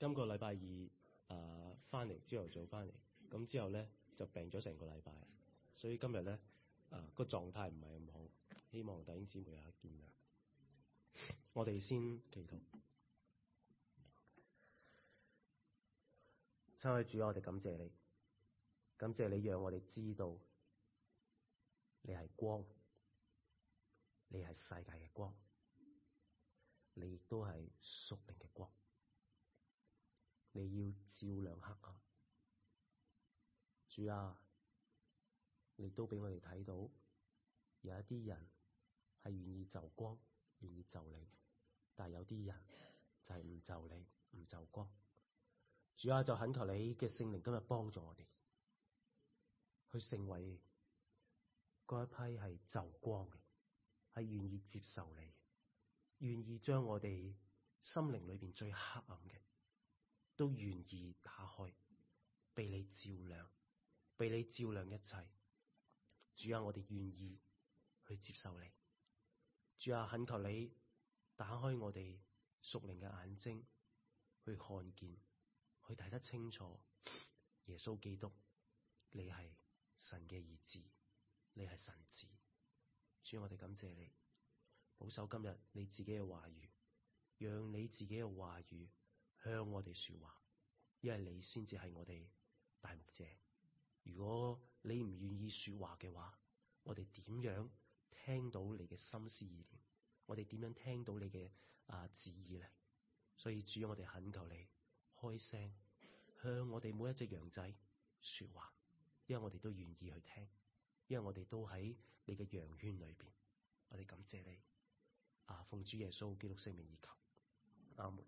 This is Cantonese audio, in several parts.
今個禮拜二，啊，翻嚟，朝頭早翻嚟，咁之後咧，就病咗成個禮拜，所以今日咧，啊，個狀態唔係咁好，希望弟兄姊妹下見諒。我哋先祈禱，親愛的主啊，我哋感謝你，感謝你讓我哋知道，你係光，你係世界嘅光，你亦都係屬靈嘅光。你要照亮黑暗啊。主啊，你都俾我哋睇到有一啲人係願意就光，願意就你，但係有啲人就係唔就你，唔就光。主啊，就懇求你嘅聖靈今日幫助我哋，去成為嗰一批係就光嘅，係願意接受你，願意將我哋心靈裏邊最黑暗嘅。都願意打開，被你照亮，被你照亮一切。主啊，我哋願意去接受你。主啊，懇求你打開我哋屬靈嘅眼睛，去看見，去睇得清楚。耶穌基督，你係神嘅兒子，你係神子。主啊，我哋感謝你，保守今日你自己嘅話語，讓你自己嘅話語。向我哋說話，因為你先至係我哋大牧者。如果你唔願意說話嘅話，我哋點樣聽到你嘅心思意念？我哋點樣聽到你嘅啊旨意咧？所以主，我哋懇求你開聲向我哋每一隻羊仔說話，因為我哋都願意去聽，因為我哋都喺你嘅羊圈裏邊。我哋感謝你啊！奉主耶穌基督聖名以求，阿門。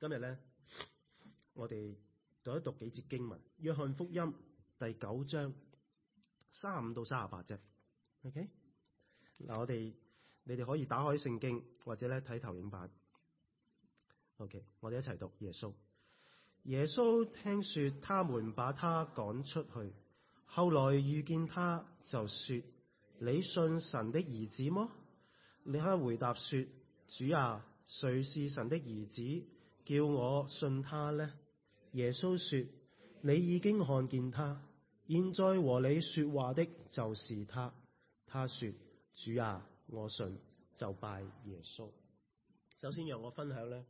今日咧，我哋讀一讀幾節經文，《約翰福音》第九章三十五到三十八啫。OK，嗱，我哋你哋可以打開聖經或者咧睇投影版。OK，我哋一齊讀耶穌。耶穌聽說他們把他趕出去，後來遇見他就說：你信神的兒子麼？你可以回答說：主啊，誰是神的兒子？叫我信他呢，耶穌說：你已經看見他，現在和你說話的就是他。他說：主啊，我信，就拜耶穌。首先讓我分享呢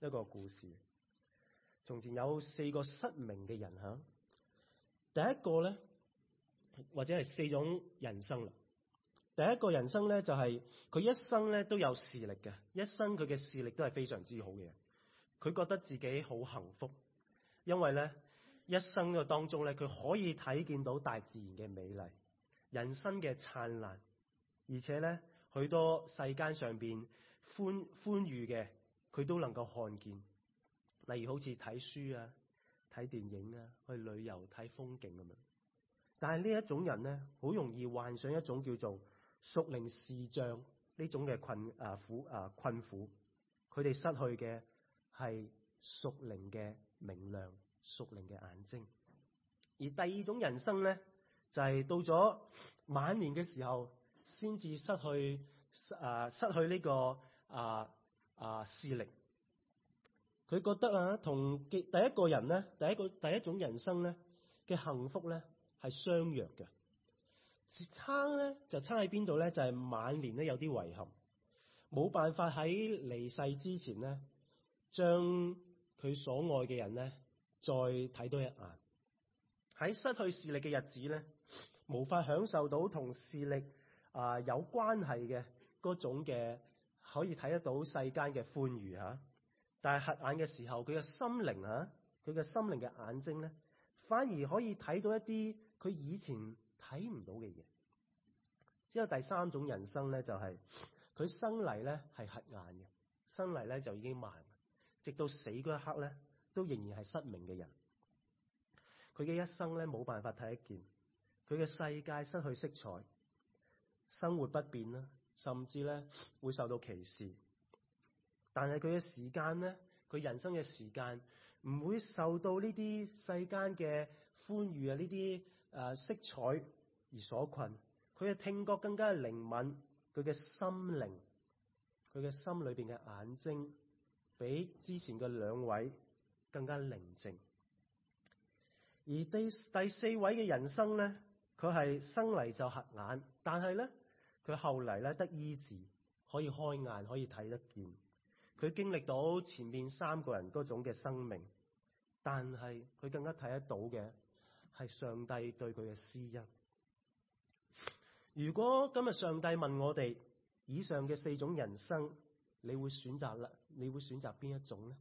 一個故事。從前有四個失明嘅人吓，第一個咧，或者係四種人生啦。第一個人生咧就係佢一生咧都有視力嘅，一生佢嘅視力都係非常之好嘅。佢覺得自己好幸福，因為咧一生嘅當中咧，佢可以睇見到大自然嘅美麗、人生嘅燦爛，而且咧許多世間上邊歡歡愉嘅，佢都能夠看見。例如好似睇書啊、睇電影啊、去旅遊睇風景咁樣。但係呢一種人咧，好容易患上一種叫做屬靈視障呢種嘅困啊苦啊困苦，佢哋失去嘅，係屬靈嘅明亮、屬靈嘅眼睛，而第二種人生咧，就係、是、到咗晚年嘅時候，先至失去誒、啊，失去呢、這個誒誒視力。佢覺得啊，同嘅第一個人咧，第一個第一種人生咧嘅幸福咧係相若嘅，差咧就差喺邊度咧？就係、是、晚年咧有啲遺憾，冇辦法喺離世之前咧。將佢所愛嘅人咧，再睇多一眼。喺失去視力嘅日子咧，無法享受到同視力啊、呃、有關係嘅嗰種嘅可以睇得到世間嘅歡愉吓。但係瞎眼嘅時候，佢嘅心靈吓，佢、啊、嘅心靈嘅眼睛咧，反而可以睇到一啲佢以前睇唔到嘅嘢。之後第三種人生咧，就係、是、佢生嚟咧係瞎眼嘅，生嚟咧就已經盲。直到死嗰一刻咧，都仍然係失明嘅人。佢嘅一生咧，冇辦法睇得見，佢嘅世界失去色彩，生活不便啦，甚至咧會受到歧視。但係佢嘅時間咧，佢人生嘅時間唔會受到呢啲世間嘅歡愉啊呢啲誒色彩而所困。佢嘅聽覺更加靈敏，佢嘅心靈，佢嘅心裏面嘅眼睛。比之前嘅兩位更加寧靜，而第第四位嘅人生呢，佢係生嚟就瞎眼，但係呢，佢後嚟呢得醫治，可以開眼，可以睇得見。佢經歷到前面三個人嗰種嘅生命，但係佢更加睇得到嘅係上帝對佢嘅施恩。如果今日上帝問我哋以上嘅四種人生，你會選擇咧？你會選擇邊一種呢？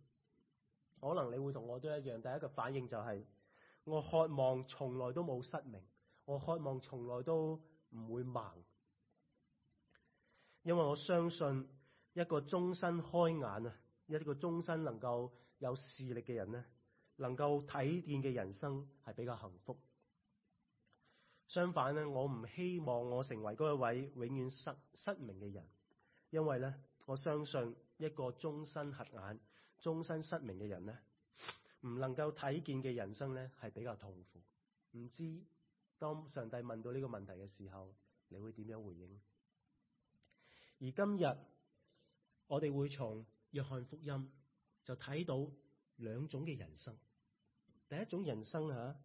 可能你會同我都一樣，第一個反應就係，我渴望從來都冇失明，我渴望從來都唔會盲，因為我相信一個終身開眼啊，一個終身能夠有視力嘅人呢，能夠睇見嘅人生係比較幸福。相反呢，我唔希望我成為嗰一位永遠失失明嘅人，因為呢。我相信一個終身瞎眼、終身失明嘅人咧，唔能夠睇見嘅人生咧，係比較痛苦。唔知當上帝問到呢個問題嘅時候，你會點樣回應？而今日我哋會從約翰福音就睇到兩種嘅人生。第一種人生吓，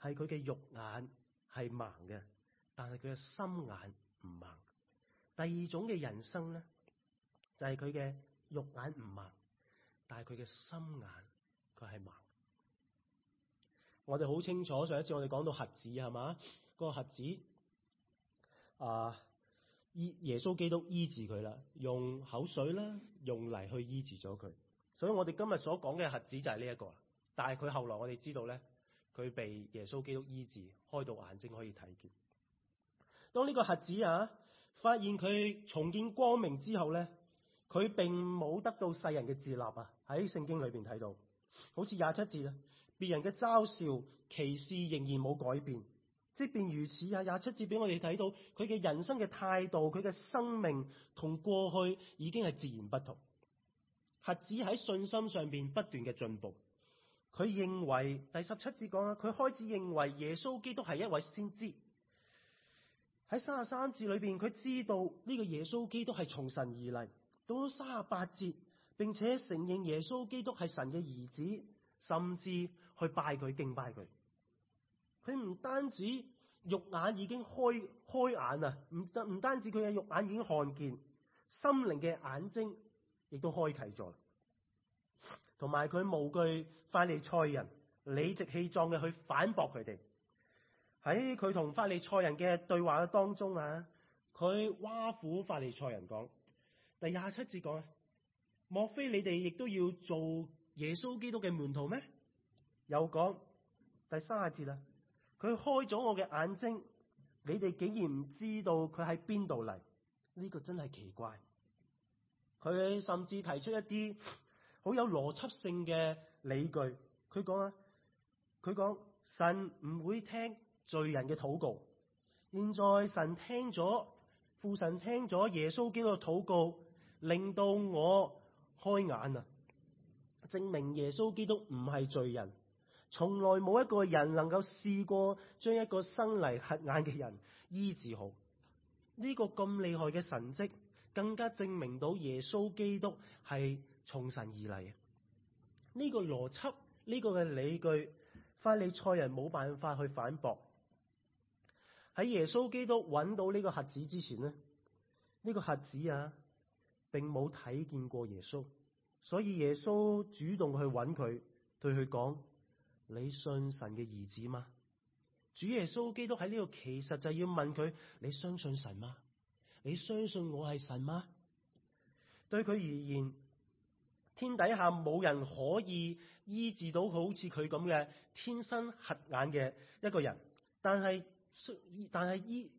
係佢嘅肉眼係盲嘅，但係佢嘅心眼唔盲。第二種嘅人生咧。係佢嘅肉眼唔盲，但係佢嘅心眼佢係盲我哋好清楚上一次我哋講到瞎子係嘛、個瞎子啊，耶穌基督醫治佢啦，用口水啦，用泥去醫治咗佢。所以我哋今日所講嘅瞎子就係呢一個，但係佢後來我哋知道咧，佢被耶穌基督醫治，開到眼睛可以睇見。當呢個瞎子啊發現佢重見光明之後咧。佢並冇得到世人嘅自立啊！喺聖經裏邊睇到，好似廿七節啊，別人嘅嘲笑歧視仍然冇改變。即便如此啊，廿七節俾我哋睇到佢嘅人生嘅態度，佢嘅生命同過去已經係截然不同。核子喺信心上邊不斷嘅進步。佢認為第十七節講啊，佢開始認為耶穌基督係一位先知。喺三十三節裏邊，佢知道呢個耶穌基督係從神而嚟。到咗三十八節，並且承認耶穌基督係神嘅兒子，甚至去拜佢敬拜佢。佢唔單止肉眼已經開開眼啊，唔唔單止佢嘅肉眼已經看見，心靈嘅眼睛亦都開啟咗。同埋佢無懼法利賽人，理直氣壯嘅去反駁佢哋。喺佢同法利賽人嘅對話嘅當中啊，佢挖苦法利賽人講。第廿七節講啊，莫非你哋亦都要做耶穌基督嘅門徒咩？又講第三啊節啦，佢開咗我嘅眼睛，你哋竟然唔知道佢喺邊度嚟？呢個真係奇怪。佢甚至提出一啲好有邏輯性嘅理據。佢講啊，佢講神唔會聽罪人嘅禱告，現在神聽咗父神聽咗耶穌基督嘅禱告，令到我開眼啊！證明耶穌基督唔係罪人，從來冇一個人能夠試過將一個生嚟瞎眼嘅人醫治好。呢個咁厲害嘅神蹟，更加證明到耶穌基督係從神而嚟。呢個邏輯，呢個嘅理據，法利賽人冇辦法去反駁。喺耶穌基督揾到呢個瞎子之前咧，呢個瞎子啊！並冇睇見過耶穌，所以耶穌主動去揾佢，對佢講：你信神嘅兒子嗎？主耶穌基督喺呢度，其實就要問佢：你相信神嗎？你相信我係神嗎？對佢而言，天底下冇人可以醫治到好似佢咁嘅天生瞎眼嘅一個人，但係，但係醫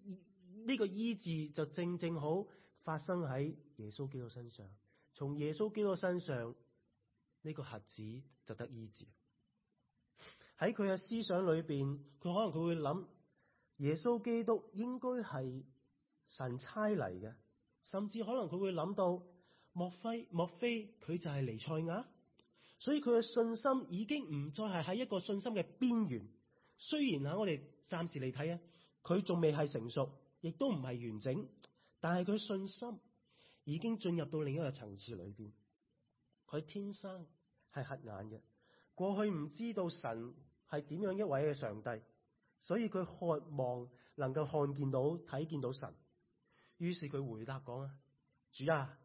呢個醫治就正正好發生喺。耶穌基督身上，從耶穌基督身上呢，這個核子，就得醫治。喺佢嘅思想裏邊，佢可能佢會諗，耶穌基督應該係神差嚟嘅，甚至可能佢會諗到，莫非莫非佢就係尼賽亞？所以佢嘅信心已經唔再係喺一個信心嘅邊緣。雖然啊，我哋暫時嚟睇啊，佢仲未係成熟，亦都唔係完整，但係佢信心。已經進入到另一個層次裏邊，佢天生係黑眼嘅，過去唔知道神係點樣一位嘅上帝，所以佢渴望能夠看見到、睇見到神，於是佢回答講啊，主啊，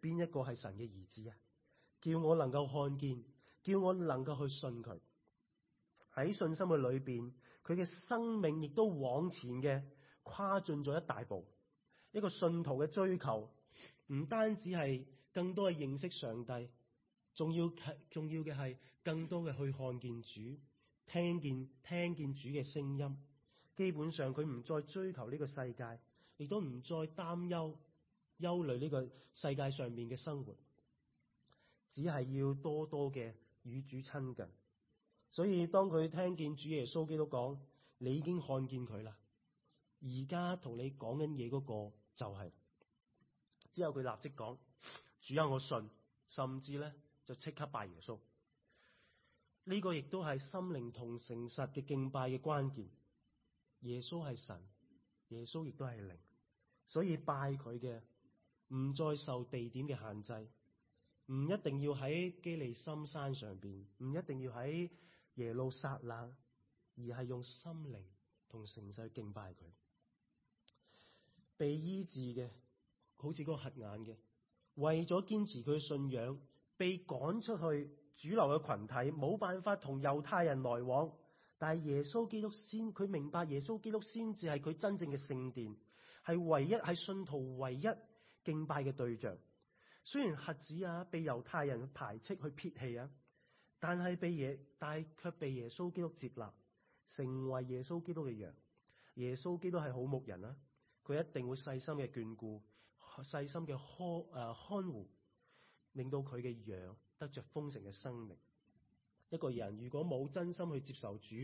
邊一個係神嘅兒子啊？叫我能夠看見，叫我能夠去信佢。喺信心嘅裏邊，佢嘅生命亦都往前嘅跨進咗一大步，一個信徒嘅追求，唔單止係更多嘅認識上帝，仲要，仲要嘅係更多嘅去看見主，聽見聽見主嘅聲音。基本上佢唔再追求呢個世界，亦都唔再擔憂憂慮呢個世界上面嘅生活，只係要多多嘅與主親近。所以當佢聽見主耶穌基督講，你已經看見佢啦，而家同你講緊嘢嗰個就係。之後佢立即講：主啊，我信，甚至咧就即刻拜耶穌。呢個亦都係心靈同誠實嘅敬拜嘅關鍵。耶穌係神，耶穌亦都係靈，所以拜佢嘅唔再受地點嘅限制，唔一定要喺基利心山上邊，唔一定要喺耶路撒冷，而係用心靈同誠實敬拜佢。被醫治嘅。好似嗰個瞎眼嘅，為咗堅持佢嘅信仰，被趕出去主流嘅群體，冇辦法同猶太人來往。但係耶穌基督先，佢明白耶穌基督先至係佢真正嘅聖殿，係唯一係信徒唯一敬拜嘅對象。雖然瞎子啊被猶太人排斥去撇棄啊，但係被耶但係卻被耶穌基督接納，成為耶穌基督嘅羊。耶穌基督係好牧人啦、啊，佢一定會細心嘅眷顧。細心嘅看、誒看護，令到佢嘅羊得着豐盛嘅生命。一個人如果冇真心去接受主，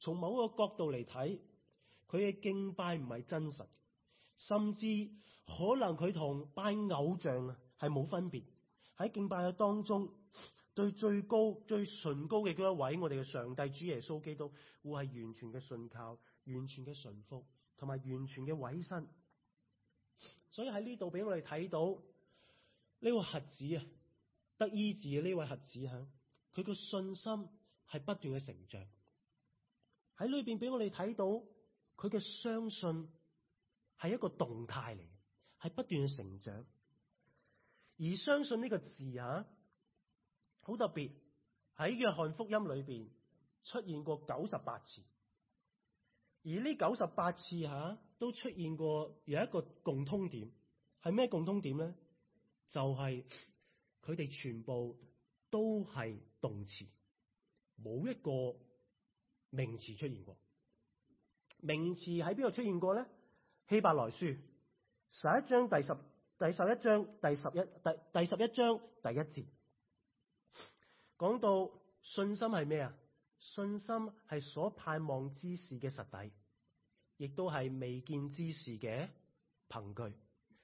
從某個角度嚟睇，佢嘅敬拜唔係真實，甚至可能佢同拜偶像啊係冇分別。喺敬拜嘅當中，對最高、最崇高嘅嗰一位，我哋嘅上帝主耶穌基督，會係完全嘅信靠、完全嘅順服同埋完全嘅委身。所以喺呢度俾我哋睇到呢位孩子啊，得醫治嘅呢位孩子，佢個信心係不斷嘅成長，喺裏邊俾我哋睇到佢嘅相信係一個動態嚟，係不斷嘅成長。而相信呢個字啊，好特別，喺約翰福音裏邊出現過九十八次，而呢九十八次吓。都出現過有一個共通點，係咩共通點咧？就係佢哋全部都係動詞，冇一個名詞出現過。名詞喺邊度出現過咧？希伯來書十一章第十、第十一章第十一、第第十一章第一節講到信心係咩啊？信心係所盼望之事嘅實底。亦都係未見之事嘅憑據，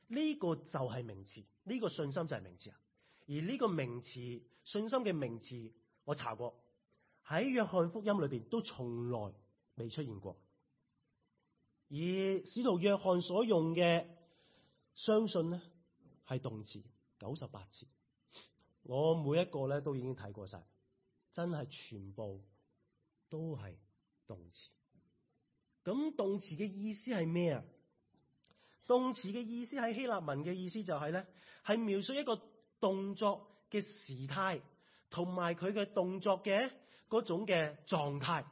呢個就係名詞，呢個信心就係名詞啊！而呢個名詞信心嘅名詞，我查過喺約翰福音裏邊都從來未出現過。而使徒約翰所用嘅相信呢，係動詞，九十八次，我每一個咧都已經睇過晒，真係全部都係動詞。咁動詞嘅意思係咩啊？動詞嘅意思喺希臘文嘅意思就係咧，係描述一個動作嘅時態，同埋佢嘅動作嘅嗰種嘅狀態。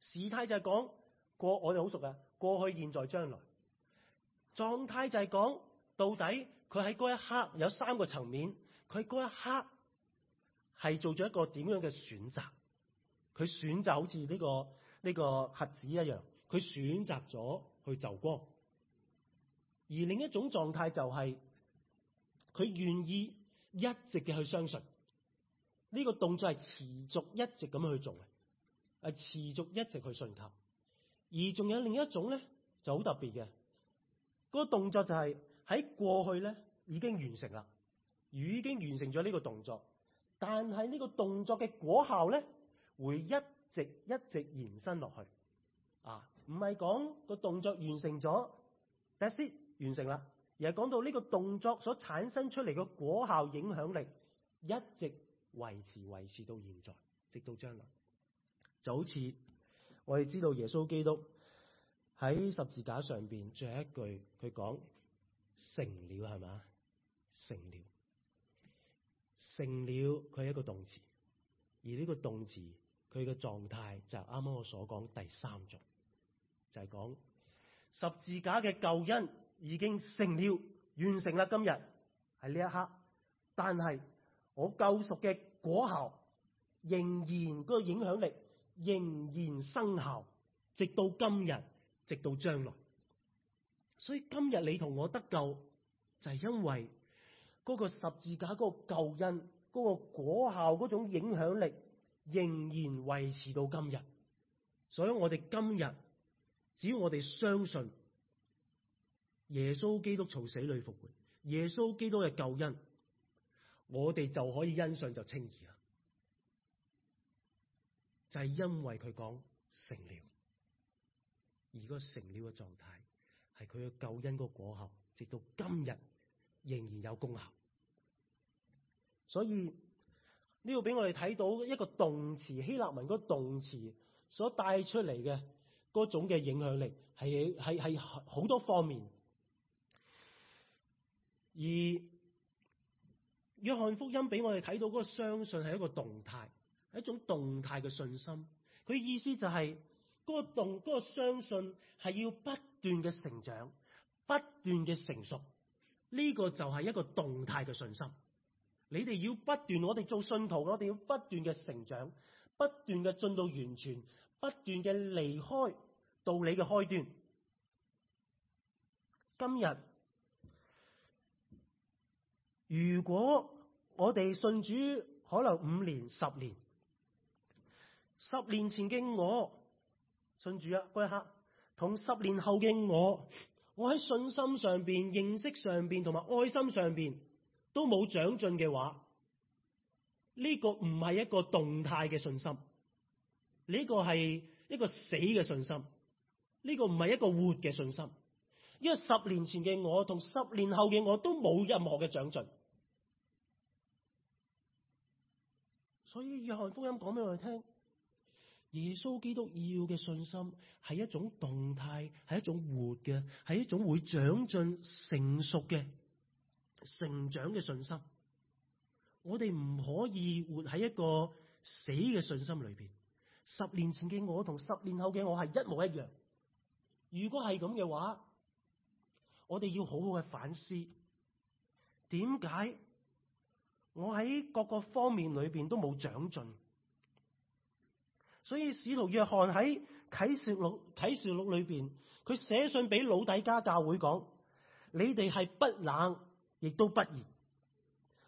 時態就係講過，我哋好熟噶，過去、現在、將來。狀態就係講到底佢喺嗰一刻有三個層面，佢喺嗰一刻係做咗一個點樣嘅選擇？佢選擇好似呢、這個。呢個核子一樣，佢選擇咗去就光；而另一種狀態就係、是、佢願意一直嘅去相信，呢、呢個動作係持續一直咁去做，係持續一直去信靠。而仲有另一種咧就好特別嘅，嗰個動作就係喺過去咧已經完成啦，已已經完成咗呢個動作，但係呢個動作嘅果效咧，會一。直一直延伸落去啊，唔係講個動作完成咗，但係先完成啦，而係講到呢個動作所產生出嚟嘅果效影響力一直維持維持到現在，直到將來，就好似我哋知道耶穌基督喺十字架上邊最後一句佢講成了係咪啊？成了成了，佢係一個動詞，而呢個動詞。佢嘅狀態就係啱啱我所講第三種，就係、是、講十字架嘅救恩已經成了，完成啦。今日喺呢一刻，但係我救贖嘅果效仍然嗰個影響力仍然生效，直到今日，直到將來。所以今日你同我得救，就係、是、因為嗰個十字架嗰個救恩嗰、那個果效嗰種影響力。仍然維持到今日，所以我哋今日只要我哋相信耶穌基督從死裏復活，耶穌基督嘅救恩，我哋就可以欣賞就稱義啦。就係、是、因為佢講成了，而嗰個成了嘅狀態，係佢嘅救恩嗰個果效，直到今日仍然有功效，所以。呢度俾我哋睇到一個動詞，希臘文嗰個動詞所帶出嚟嘅嗰種嘅影響力，係係係好多方面。而約翰福音俾我哋睇到嗰個相信係一個動態，係一種動態嘅信心。佢意思就係嗰個動、嗰個相信係要不斷嘅成長，不斷嘅成熟。呢個就係一個動態嘅信心。你哋要不斷，我哋做信徒，我哋要不斷嘅成長，不斷嘅進到完全，不斷嘅離開道理嘅開端。今日如果我哋信主，可能五年、十年、十年前嘅我信主啊嗰一刻，同十年後嘅我，我喺信心上邊、認識上邊同埋愛心上邊。都冇長進嘅話，呢個唔係一個動態嘅信心，呢個係一個死嘅信心，呢個唔係一個活嘅信心。因為十年前嘅我同十年後嘅我都冇任何嘅長進，所以約翰福音講俾我哋聽，耶穌基督要嘅信心係一種動態，係一種活嘅，係一種會長進成熟嘅。成長嘅信心，我哋唔可以活喺一個死嘅信心裏邊。十年前嘅我同十年後嘅我係一模一樣。如果係咁嘅話，我哋要好好嘅反思，點解我喺各個方面裏邊都冇長進？所以使徒約翰喺啟示錄啟示錄裏邊，佢寫信俾老底嘉教會講：你哋係不冷。亦都不熱，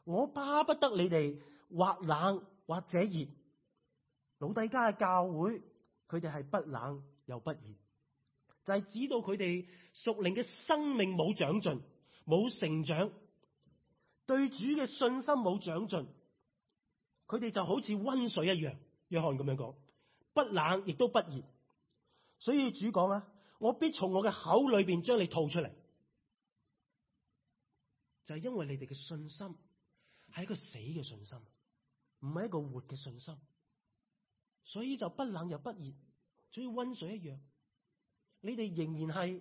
我巴不得你哋或冷或者熱，老底家嘅教會佢哋係不冷又不熱，就係、是、指到佢哋屬靈嘅生命冇長進，冇成長，對主嘅信心冇長進，佢哋就好似温水一樣。約翰咁樣講，不冷亦都不熱，所以主講啊，我必從我嘅口裏邊將你吐出嚟。就係因為你哋嘅信心係一個死嘅信心，唔係一個活嘅信心，所以就不冷又不熱，好似溫水一樣。你哋仍然係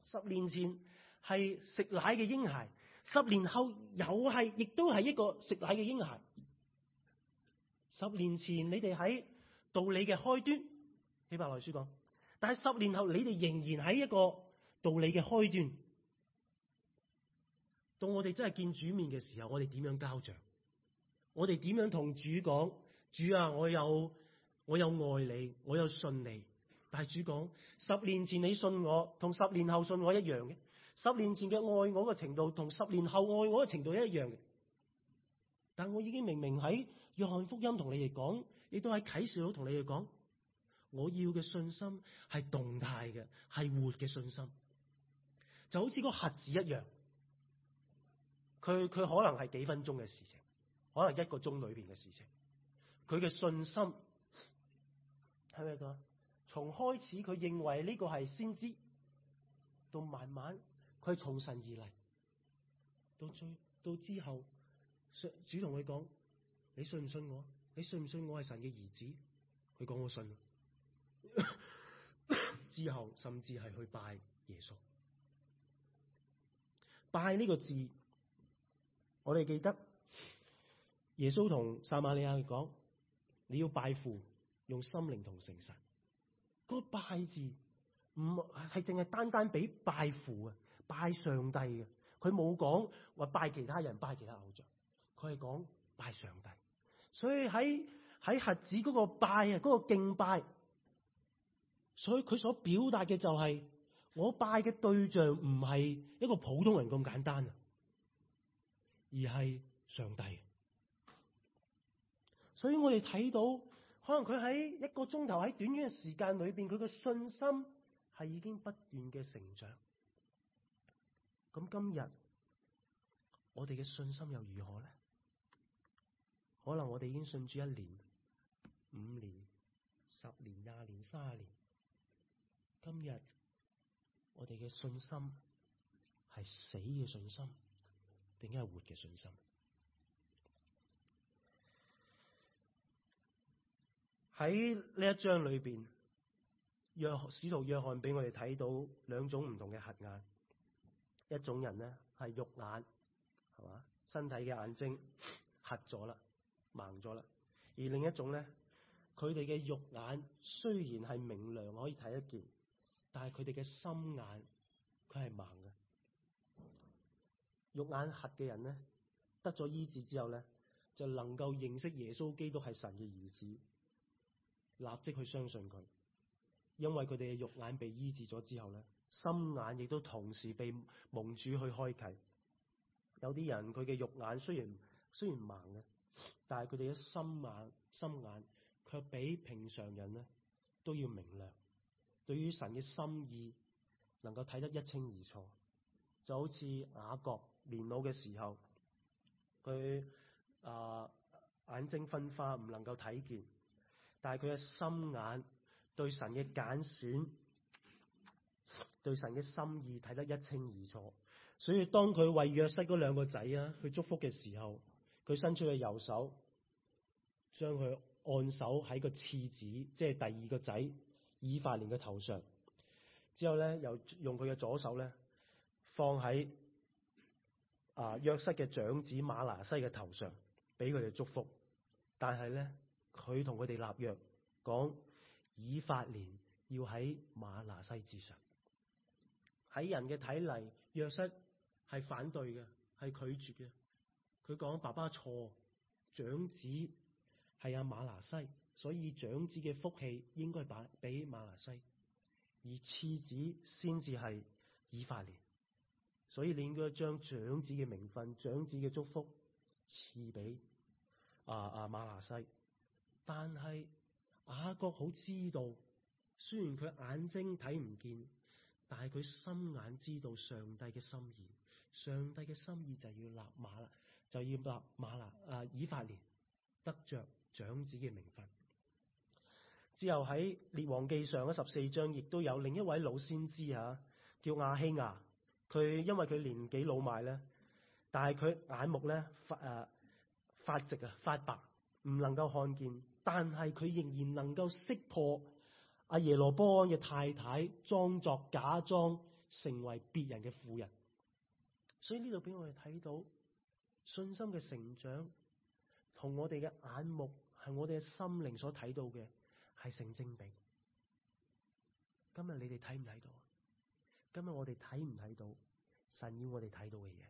十年前係食奶嘅嬰孩，十年後又係，亦都係一個食奶嘅嬰孩。十年前你哋喺道理嘅開端，希伯來書講，但係十年後你哋仍然喺一個道理嘅開端。到我哋真係見主面嘅時候，我哋點樣交賬？我哋點樣同主講？主啊，我有我有愛你，我有信你。但係主講，十年前你信我，同十年後信我一樣嘅。十年前嘅愛我嘅程度，同十年後愛我嘅程度一樣嘅。但我已經明明喺約翰福音同你哋講，亦都喺啟示錄同你哋講，我要嘅信心係動態嘅，係活嘅信心，就好似個核子一樣。佢佢可能係幾分鐘嘅事情，可能一個鐘裏邊嘅事情。佢嘅信心係咪啊？從開始佢認為呢個係先知，到慢慢佢係從神而嚟，到最到之後，主同佢講：你信唔信我？你信唔信我係神嘅兒子？佢講我信。 之後甚至係去拜耶穌，拜呢個字。我哋記得耶穌同撒瑪利亞講：你要拜父，用心靈同誠實。個拜字唔係淨係單單俾拜父啊，拜上帝嘅。佢冇講話拜其他人、拜其他偶像。佢係講拜上帝。所以喺喺十字嗰個拜啊，嗰個敬拜。所以佢所表達嘅就係，我拜嘅對象唔係一個普通人咁簡單啊。而係上帝，所以我哋睇到，可能佢喺一個鐘頭喺短短嘅時間裏邊，佢嘅信心係已經不斷嘅成長。咁今日我哋嘅信心又如何呢？可能我哋已經信住一年、五年、十年、廿年、三十年，今日我哋嘅信心係死嘅信心。定係係活嘅信心？喺呢一章裏邊，約使徒約翰俾我哋睇到兩種唔同嘅黑眼。一種人呢，係肉眼，係嘛？身體嘅眼睛黑咗啦，盲咗啦。而另一種呢，佢哋嘅肉眼雖然係明亮，可以睇得見，但係佢哋嘅心眼佢係盲嘅。肉眼瞎嘅人咧，得咗醫治之後咧，就能夠認識耶穌基督係神嘅兒子，立即去相信佢。因為佢哋嘅肉眼被醫治咗之後咧，心眼亦都同時被蒙住去開啟。有啲人佢嘅肉眼雖然雖然盲嘅，但係佢哋嘅心眼心眼卻比平常人咧都要明亮，對於神嘅心意能夠睇得一清二楚，就好似雅各。年老嘅時候，佢啊、呃、眼睛昏花，唔能夠睇見，但係佢嘅心眼對神嘅揀選，對神嘅心意睇得一清二楚。所以當佢為約瑟嗰兩個仔啊，去祝福嘅時候，佢伸出嘅右手，將佢按手喺個次子，即、就、係、是、第二個仔以法蓮嘅頭上，之後咧又用佢嘅左手咧放喺。啊！約瑟嘅長子馬拿西嘅頭上，俾佢哋祝福。但係咧，佢同佢哋立約，講以法蓮要喺馬拿西之上。喺人嘅睇嚟，約瑟係反對嘅，係拒絕嘅。佢講，爸爸錯，長子係阿馬拿西，所以長子嘅福氣應該把俾馬拿西，而次子先至係以法蓮。所以，攞一張長子嘅名分，長子嘅祝福賜俾啊啊馬拿西。但係雅各好知道，雖然佢眼睛睇唔見，但係佢心眼知道上帝嘅心意。上帝嘅心意就要立馬啦，就要立馬拿啊以法蓮得着長子嘅名分。之後喺列王記上嘅十四章，亦都有另一位老先知吓、啊，叫亞希亞。佢因為佢年紀老邁咧，但係佢眼目咧發誒、呃、發直啊發白，唔能夠看見，但係佢仍然能夠識破阿耶羅波安嘅太太裝作假裝成為別人嘅婦人，所以呢度俾我哋睇到信心嘅成長同我哋嘅眼目係我哋嘅心靈所睇到嘅係成正比。今日你哋睇唔睇到？今日我哋睇唔睇到神要我哋睇到嘅嘢？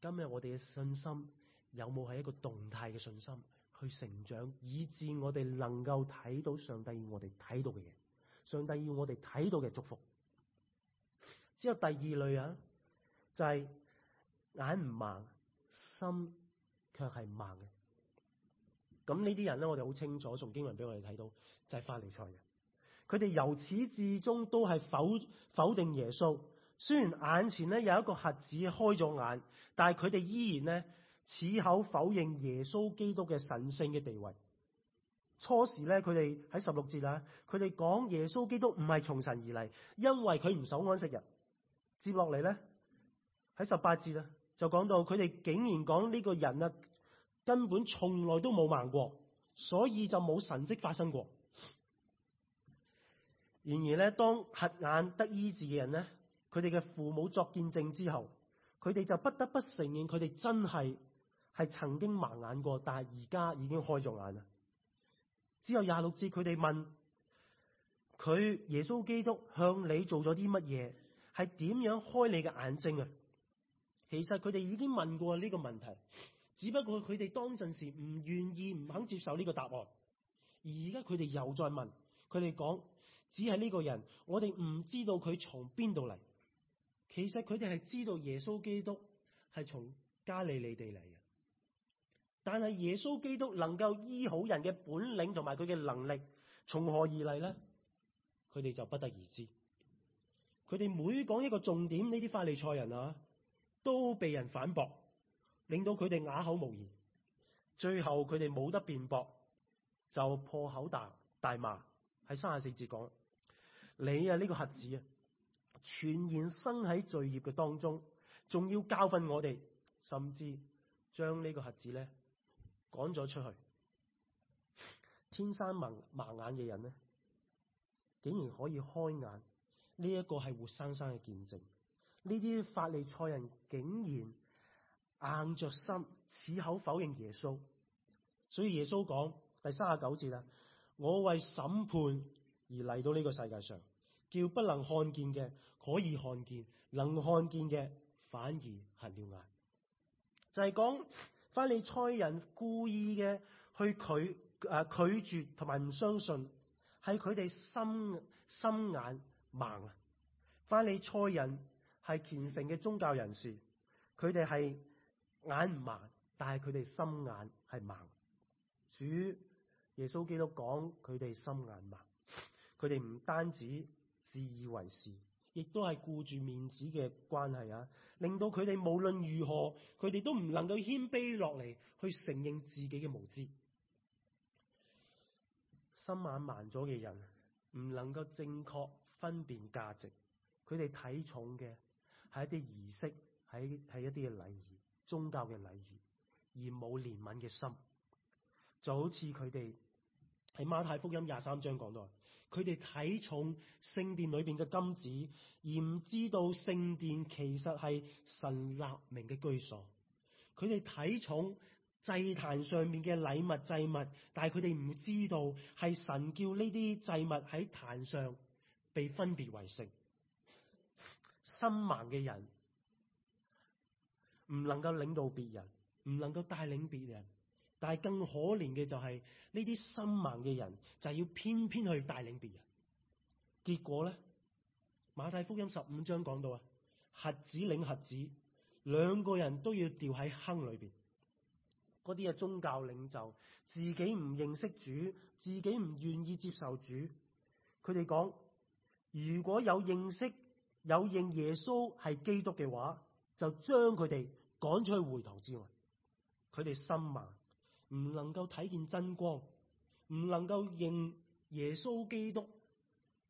今日我哋嘅信心有冇係一個動態嘅信心去成長，以致我哋能夠睇到上帝要我哋睇到嘅嘢？上帝要我哋睇到嘅祝福。之後第二類啊，就係眼唔盲，心卻係盲嘅。咁呢啲人咧，我哋好清楚，聖經文俾我哋睇到，就係法利賽人。佢哋由始至終都係否否定耶穌。雖然眼前咧有一個瞎子開咗眼，但係佢哋依然咧矢口否認耶穌基督嘅神聖嘅地位。初時咧，佢哋喺十六節啦，佢哋講耶穌基督唔係從神而嚟，因為佢唔守安息日。接落嚟咧，喺十八節啦，就講到佢哋竟然講呢個人啊，根本從來都冇盲過，所以就冇神蹟發生過。然而咧，當瞎眼得醫治嘅人咧，佢哋嘅父母作見證之後，佢哋就不得不承認佢哋真係係曾經盲眼過，但係而家已經開咗眼啦。之後廿六節，佢哋問佢，耶穌基督向你做咗啲乜嘢？係點樣開你嘅眼睛啊？其實佢哋已經問過呢個問題，只不過佢哋當陣時唔願意，唔肯接受呢個答案，而而家佢哋又再問，佢哋講。只係呢個人，我哋唔知道佢從邊度嚟。其實佢哋係知道耶穌基督係從加利利地嚟嘅，但係耶穌基督能夠醫好人嘅本領同埋佢嘅能力從何而嚟呢？佢哋就不得而知。佢哋每講一個重點，呢啲法利賽人啊，都被人反駁，令到佢哋啞口無言。最後佢哋冇得辯駁，就破口大大罵。喺三十四節講，你啊，呢個瞎子啊，全然生喺罪孽嘅當中，仲要教訓我哋，甚至將呢個瞎子咧趕咗出去。天生盲盲眼嘅人咧，竟然可以開眼，呢一個係活生生嘅見證。呢啲法利賽人竟然硬着心，矢口否認耶穌。所以耶穌講第三十啊九節啊。我為審判而嚟到呢個世界上，叫不能看見嘅可以看見，能看見嘅反而瞎了眼。就係講法利賽人故意嘅去拒誒、呃、拒絕同埋唔相信，係佢哋心心眼盲。法利賽人係虔誠嘅宗教人士，佢哋係眼唔盲，但係佢哋心眼係盲。主。耶穌基督講佢哋心眼盲，佢哋唔單止自以為是，亦都係顧住面子嘅關係啊，令到佢哋無論如何，佢哋都唔能夠謙卑落嚟去承認自己嘅無知。心眼盲咗嘅人唔能夠正確分辨價值，佢哋睇重嘅係一啲儀式，係係一啲嘅禮儀、宗教嘅禮儀，而冇憐憫嘅心，就好似佢哋。喺馬太福音廿三章講到，佢哋睇重聖殿裏邊嘅金子，而唔知道聖殿其實係神立名嘅居所。佢哋睇重祭壇上面嘅禮物祭物，但係佢哋唔知道係神叫呢啲祭物喺壇上被分別為聖。心盲嘅人唔能夠領導別人，唔能夠帶領別人。但係更可憐嘅就係呢啲心盲嘅人，就係要偏偏去帶領別人。結果咧，馬太福音十五章講到啊，瞎子領瞎子，兩個人都要掉喺坑裏邊。嗰啲嘅宗教領袖自己唔認識主，自己唔願意接受主。佢哋講，如果有認識有認耶穌係基督嘅話，就將佢哋趕出去會堂之外。佢哋心盲。唔能夠睇見真光，唔能夠認耶穌基督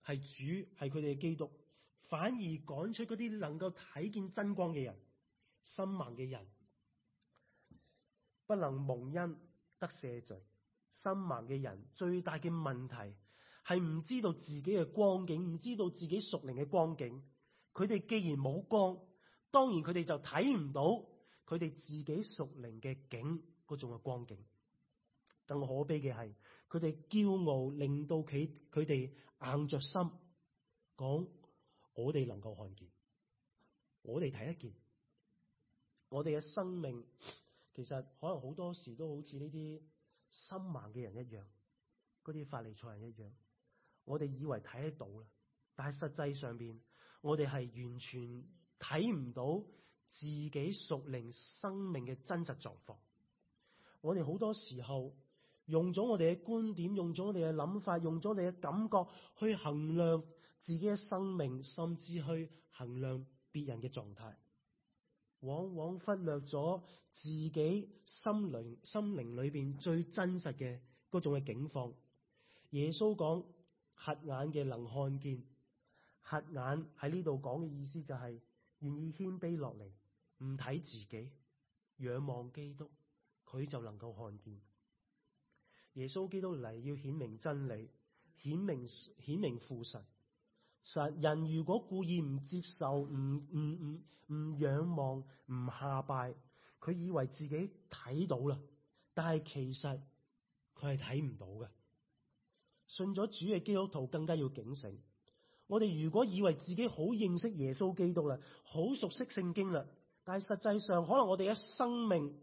係主，係佢哋嘅基督，反而趕出嗰啲能夠睇見真光嘅人，心盲嘅人不能蒙恩得赦罪。心盲嘅人最大嘅問題係唔知道自己嘅光景，唔知道自己屬靈嘅光景。佢哋既然冇光，當然佢哋就睇唔到佢哋自己屬靈嘅景。嗰種嘅光景，更可悲嘅係佢哋驕傲，令到佢佢哋硬着心講，我哋能夠看見，我哋睇得見。我哋嘅生命其實可能好多時都好似呢啲心盲嘅人一樣，嗰啲法利賽人一樣。我哋以為睇得到啦，但係實際上邊，我哋係完全睇唔到自己屬靈生命嘅真實狀況。我哋好多時候用咗我哋嘅觀點，用咗我哋嘅諗法，用咗我哋嘅感覺去衡量自己嘅生命，甚至去衡量別人嘅狀態，往往忽略咗自己心靈心靈裏邊最真實嘅嗰種嘅境況。耶穌講：瞎眼嘅能看見，瞎眼喺呢度講嘅意思就係願意謙卑落嚟，唔睇自己，仰望基督，佢就能夠看見耶穌基督嚟，要顯明真理，顯明顯明父神。神人如果故意唔接受，唔唔唔仰望，唔下拜，佢以為自己睇到啦，但係其實佢係睇唔到嘅。信咗主嘅基督徒更加要警醒。我哋如果以為自己好認識耶穌基督啦，好熟悉聖經啦，但係實際上可能我哋嘅生命。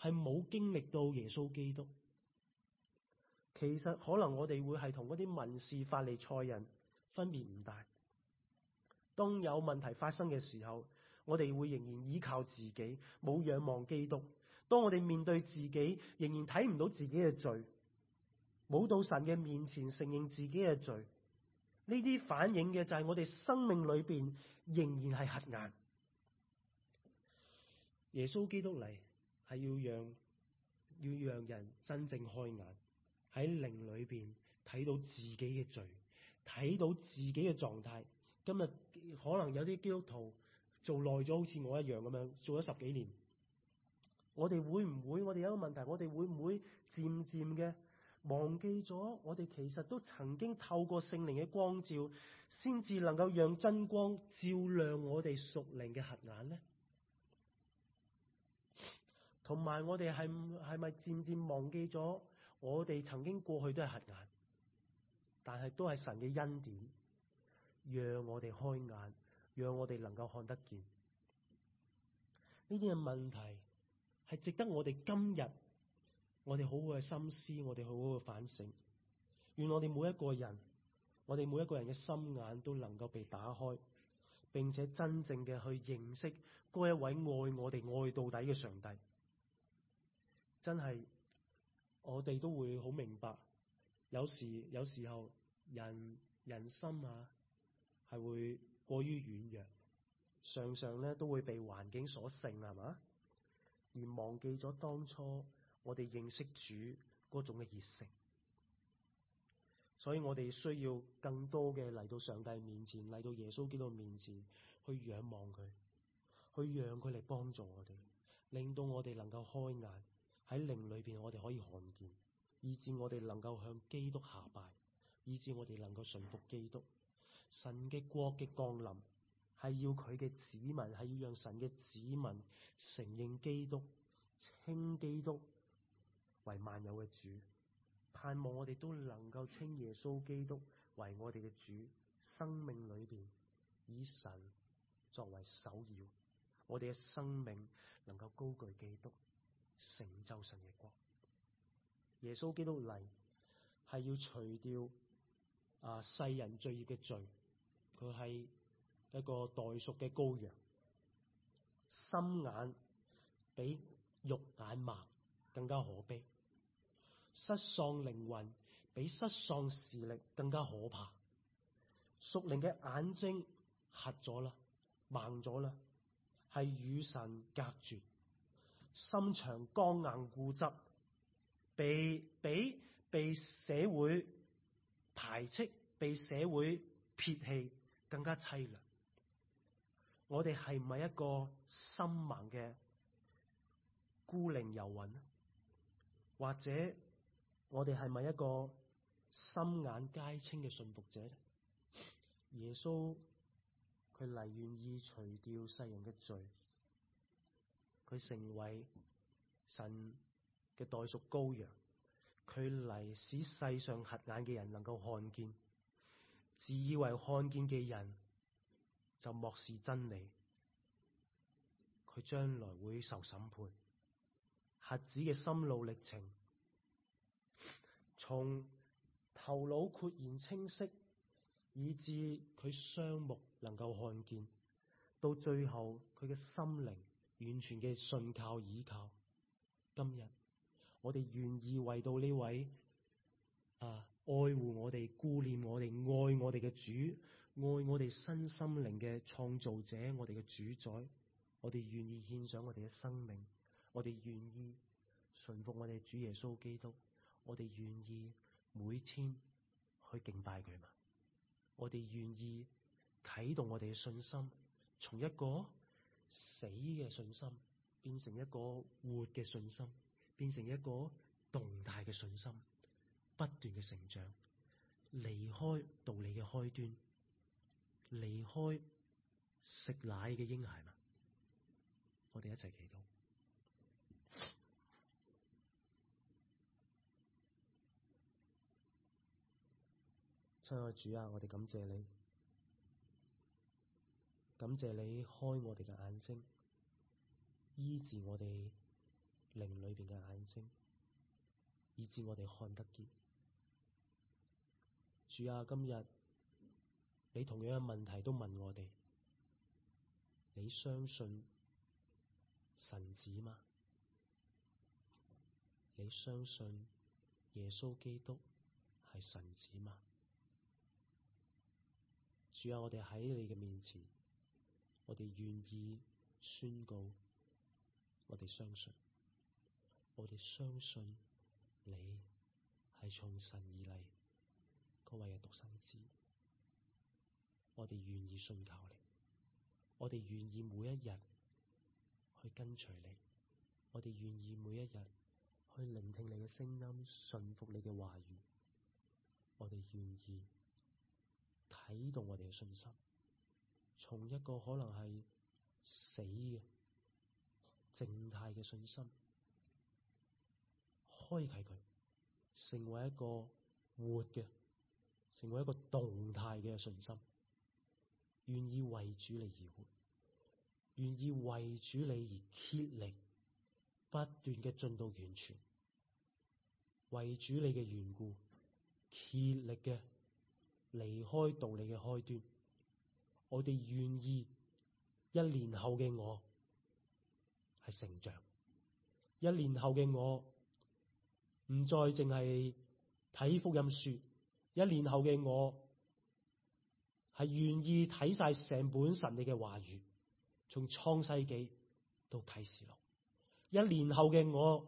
係冇經歷到耶穌基督，其實可能我哋會係同嗰啲民事法利賽人分別唔大。當有問題發生嘅時候，我哋會仍然依靠自己，冇仰望基督。當我哋面對自己，仍然睇唔到自己嘅罪，冇到神嘅面前承認自己嘅罪，呢啲反映嘅就係我哋生命裏邊仍然係瞎眼。耶穌基督嚟。係要讓要讓人真正開眼喺靈裏邊睇到自己嘅罪，睇到自己嘅狀態。今日可能有啲基督徒做耐咗，好似我一樣咁樣做咗十幾年。我哋會唔會我哋有一個問題？我哋會唔會漸漸嘅忘記咗？我哋其實都曾經透過聖靈嘅光照，先至能夠讓真光照亮我哋屬靈嘅核眼呢？同埋，我哋係係咪漸漸忘記咗？我哋曾經過去都係黑眼，但係都係神嘅恩典，讓我哋開眼，讓我哋能夠看得見呢啲嘅問題，係值得我哋今日我哋好好嘅深思，我哋好好嘅反省，願我哋每一個人，我哋每一個人嘅心眼都能夠被打開，並且真正嘅去認識嗰一位愛我哋愛到底嘅上帝。真係，我哋都會好明白，有時有時候人人心啊，係會過於軟弱，常常咧都會被環境所勝啦，係嘛？而忘記咗當初我哋認識主嗰種嘅熱誠，所以我哋需要更多嘅嚟到上帝面前，嚟到耶穌基督面前，去仰望佢，去讓佢嚟幫助我哋，令到我哋能夠開眼。喺靈裏邊，我哋可以看見，以至我哋能夠向基督下拜，以至我哋能夠順服基督。神嘅國嘅降臨，係要佢嘅子民，係要讓神嘅子民承認基督，稱基督為萬有嘅主。盼望我哋都能夠稱耶穌基督為我哋嘅主，生命裏邊以神作為首要，我哋嘅生命能夠高舉基督。成就神嘅光，耶穌基督嚟係要除掉啊世人罪孽嘅罪，佢係一個代贖嘅羔羊，心眼比肉眼盲更加可悲，失喪靈魂比失喪視力更加可怕，屬靈嘅眼睛瞎咗啦，盲咗啦，係與神隔絕。心腸剛硬固執，被俾被，被社會排斥，被社會撇棄，更加凄涼。我哋係咪一個心盲嘅孤零游魂？或者我哋係咪一個心眼皆清嘅信服者？耶穌佢嚟願意除掉世人嘅罪。佢成為神嘅代贖羔羊，佢嚟，使世上瞎眼嘅人能夠看見，自以為看見嘅人就漠視真理。佢將來會受審判，瞎子嘅心路歷程，從頭腦豁然清晰，以至佢雙目能夠看見，到最後佢嘅心靈。完全嘅信靠倚靠。今日我哋願意為到呢位啊愛護我哋、顧念我哋、愛我哋嘅主、愛我哋身心靈嘅創造者、我哋嘅主宰，我哋願意獻上我哋嘅生命，我哋願意順服我哋主耶穌基督，我哋願意每天去敬拜佢嘛？我哋願意啟動我哋嘅信心，從一個。死嘅信心變成一個活嘅信心，變成一個動態嘅信心，不斷嘅成長，離開道理嘅開端，離開食奶嘅嬰孩嘛，我哋一齊祈禱，親愛主啊，我哋感謝你。感謝你開我哋嘅眼睛，醫治我哋靈裏邊嘅眼睛，以致我哋看得見。主啊，今日你同樣嘅問題都問我哋，你相信神子嗎？你相信耶穌基督係神子嗎？主啊，我哋喺你嘅面前。我哋願意宣告，我哋相信，我哋相信你係從神而嚟，各位係獨生子。我哋願意信靠你，我哋願意每一日去跟隨你，我哋願意每一日去聆聽你嘅聲音，信服你嘅話語。我哋願意啟動我哋嘅信心。從一個可能係死嘅靜態嘅信心，開啟佢成為一個活嘅，成為一個動態嘅信心，願意為主你而活，願意為主你而竭力，不斷嘅進到完全為主你嘅緣故，竭力嘅離開道理嘅開端。我哋願意一年後嘅我係成長，一年後嘅我唔再淨係睇福音書。一年後嘅我係願意睇晒成本神你嘅話語，從創世紀到啟示錄。一年後嘅我，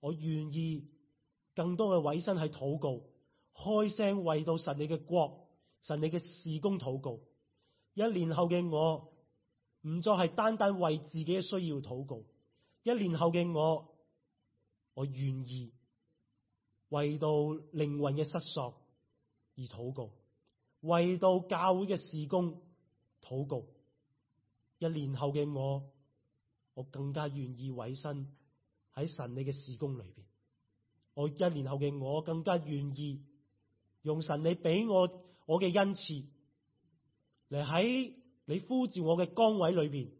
我願意更多嘅委身喺禱告，開聲為到神你嘅國、神你嘅事工禱告。一年後嘅我唔再係單單為自己嘅需要禱告，一年後嘅我，我願意為到靈魂嘅失索而禱告，為到教會嘅事工禱告。一年後嘅我，我更加願意委身喺神你嘅事工裏邊。我一年後嘅我更加願意用神你俾我我嘅恩賜。你喺你呼召我嘅崗位裏邊，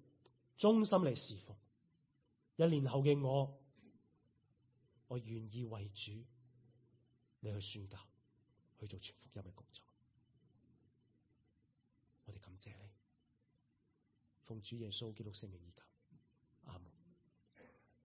忠心嚟侍奉。一年後嘅我，我願意為主，你去宣教，去做全福音嘅工作。我哋感謝你，奉主耶穌基督聖名而求。